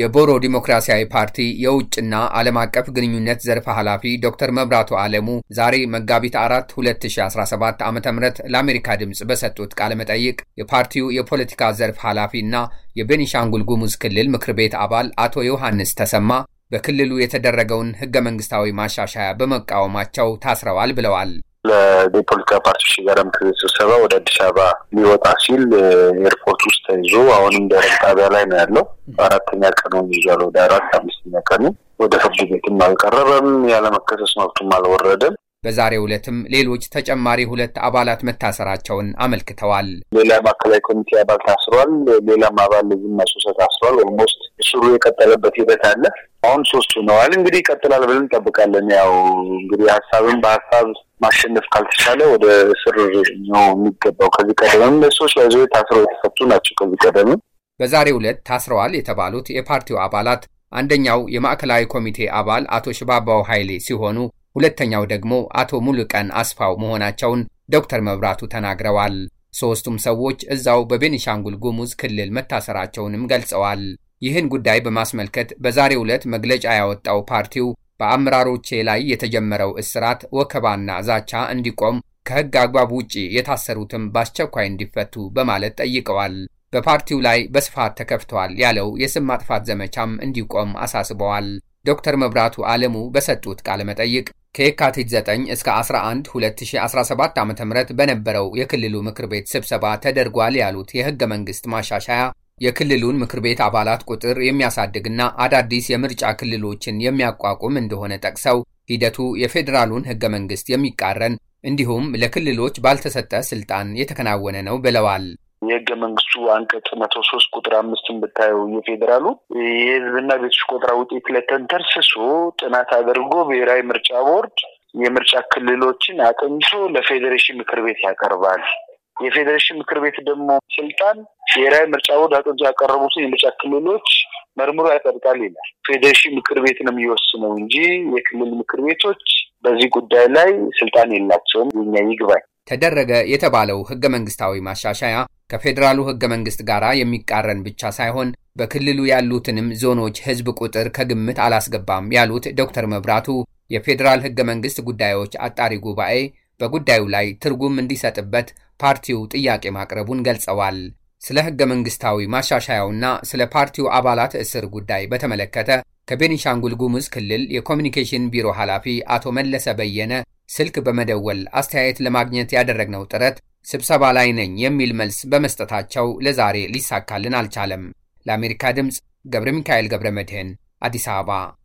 የቦሮ ዲሞክራሲያዊ ፓርቲ የውጭና ዓለም አቀፍ ግንኙነት ዘርፍ ኃላፊ ዶክተር መብራቱ ዓለሙ ዛሬ መጋቢት አራት 2017 ዓ ም ለአሜሪካ ድምፅ በሰጡት ቃለ መጠይቅ የፓርቲው የፖለቲካ ዘርፍ ኃላፊ እና የቤኒሻንጉል ጉሙዝ ክልል ምክር ቤት አባል አቶ ዮሐንስ ተሰማ በክልሉ የተደረገውን ህገ መንግስታዊ ማሻሻያ በመቃወማቸው ታስረዋል ብለዋል። ለፖለቲካ ፓርቲዎች የጋራ ምክር ቤት ስብሰባ ወደ አዲስ አበባ ሊወጣ ሲል ኤርፖርት ውስጥ ተይዞ አሁንም ደረቅ ጣቢያ ላይ ነው ያለው። አራተኛ ቀኑ ይዟል። ወደ አራት አምስተኛ ቀኑ ወደ ፍርድ ቤትም አልቀረበም። ያለመከሰስ መብቱም አልወረደም። በዛሬ ዕለትም ሌሎች ተጨማሪ ሁለት አባላት መታሰራቸውን አመልክተዋል። ሌላ ማዕከላዊ ኮሚቴ አባል ታስሯል። ሌላም አባል ዝም መሶሰ ታስሯል። ኦልሞስት እስሩ የቀጠለበት ሂደት አለ። አሁን ሶስቱ ሆነዋል። እንግዲህ ይቀጥላል ብለን እንጠብቃለን። ያው እንግዲህ ሀሳብን በሀሳብ ማሸነፍ ካልተቻለ ወደ እስር ነው የሚገባው። ከዚህ ቀደምም ሰዎች ላይ ታስረው የተፈቱ ናቸው። ከዚህ ቀደም በዛሬ ሁለት ታስረዋል የተባሉት የፓርቲው አባላት አንደኛው የማዕከላዊ ኮሚቴ አባል አቶ ሽባባው ኃይሌ ሲሆኑ ሁለተኛው ደግሞ አቶ ሙሉቀን አስፋው መሆናቸውን ዶክተር መብራቱ ተናግረዋል። ሦስቱም ሰዎች እዛው በቤኒሻንጉል ጉሙዝ ክልል መታሰራቸውንም ገልጸዋል። ይህን ጉዳይ በማስመልከት በዛሬው ዕለት መግለጫ ያወጣው ፓርቲው በአመራሮቼ ላይ የተጀመረው እስራት፣ ወከባና ዛቻ እንዲቆም ከሕግ አግባብ ውጪ የታሰሩትም በአስቸኳይ እንዲፈቱ በማለት ጠይቀዋል። በፓርቲው ላይ በስፋት ተከፍተዋል ያለው የስም ማጥፋት ዘመቻም እንዲቆም አሳስበዋል። ዶክተር መብራቱ ዓለሙ በሰጡት ቃለ መጠይቅ ከየካቲት 9 እስከ 11 2017 ዓ ም በነበረው የክልሉ ምክር ቤት ስብሰባ ተደርጓል ያሉት የሕገ መንግሥት ማሻሻያ የክልሉን ምክር ቤት አባላት ቁጥር የሚያሳድግና አዳዲስ የምርጫ ክልሎችን የሚያቋቁም እንደሆነ ጠቅሰው ሂደቱ የፌዴራሉን ህገ መንግስት የሚቃረን እንዲሁም ለክልሎች ባልተሰጠ ስልጣን የተከናወነ ነው ብለዋል። የህገ መንግስቱ አንቀጽ መቶ ሶስት ቁጥር አምስትን ብታየው የፌዴራሉ የህዝብና ቤቶች ቆጠራ ውጤት ላይ ጥናት አድርጎ ብሔራዊ ምርጫ ቦርድ የምርጫ ክልሎችን አቅንሶ ለፌዴሬሽን ምክር ቤት ያቀርባል። የፌዴሬሽን ምክር ቤት ደግሞ ስልጣን ብሔራዊ ምርጫ ቦርድ አቅንቶ ያቀረቡትን የምርጫ ክልሎች መርምሮ ያጸድቃል ይላል። ፌዴሬሽን ምክር ቤት ነው የሚወስነው እንጂ የክልል ምክር ቤቶች በዚህ ጉዳይ ላይ ስልጣን የላቸውም። የኛ ይግባኝ ተደረገ የተባለው ህገ መንግስታዊ ማሻሻያ ከፌዴራሉ ህገ መንግስት ጋር የሚቃረን ብቻ ሳይሆን በክልሉ ያሉትንም ዞኖች ህዝብ ቁጥር ከግምት አላስገባም ያሉት ዶክተር መብራቱ የፌዴራል ህገ መንግስት ጉዳዮች አጣሪ ጉባኤ በጉዳዩ ላይ ትርጉም እንዲሰጥበት ፓርቲው ጥያቄ ማቅረቡን ገልጸዋል። ስለ ሕገ መንግሥታዊ ማሻሻያውና ስለ ፓርቲው አባላት እስር ጉዳይ በተመለከተ ከቤኒሻንጉል ጉሙዝ ክልል የኮሚኒኬሽን ቢሮ ኃላፊ አቶ መለሰ በየነ ስልክ በመደወል አስተያየት ለማግኘት ያደረግነው ጥረት ስብሰባ ላይ ነኝ የሚል መልስ በመስጠታቸው ለዛሬ ሊሳካልን አልቻለም። ለአሜሪካ ድምፅ ገብረ ሚካኤል ገብረ መድህን አዲስ አበባ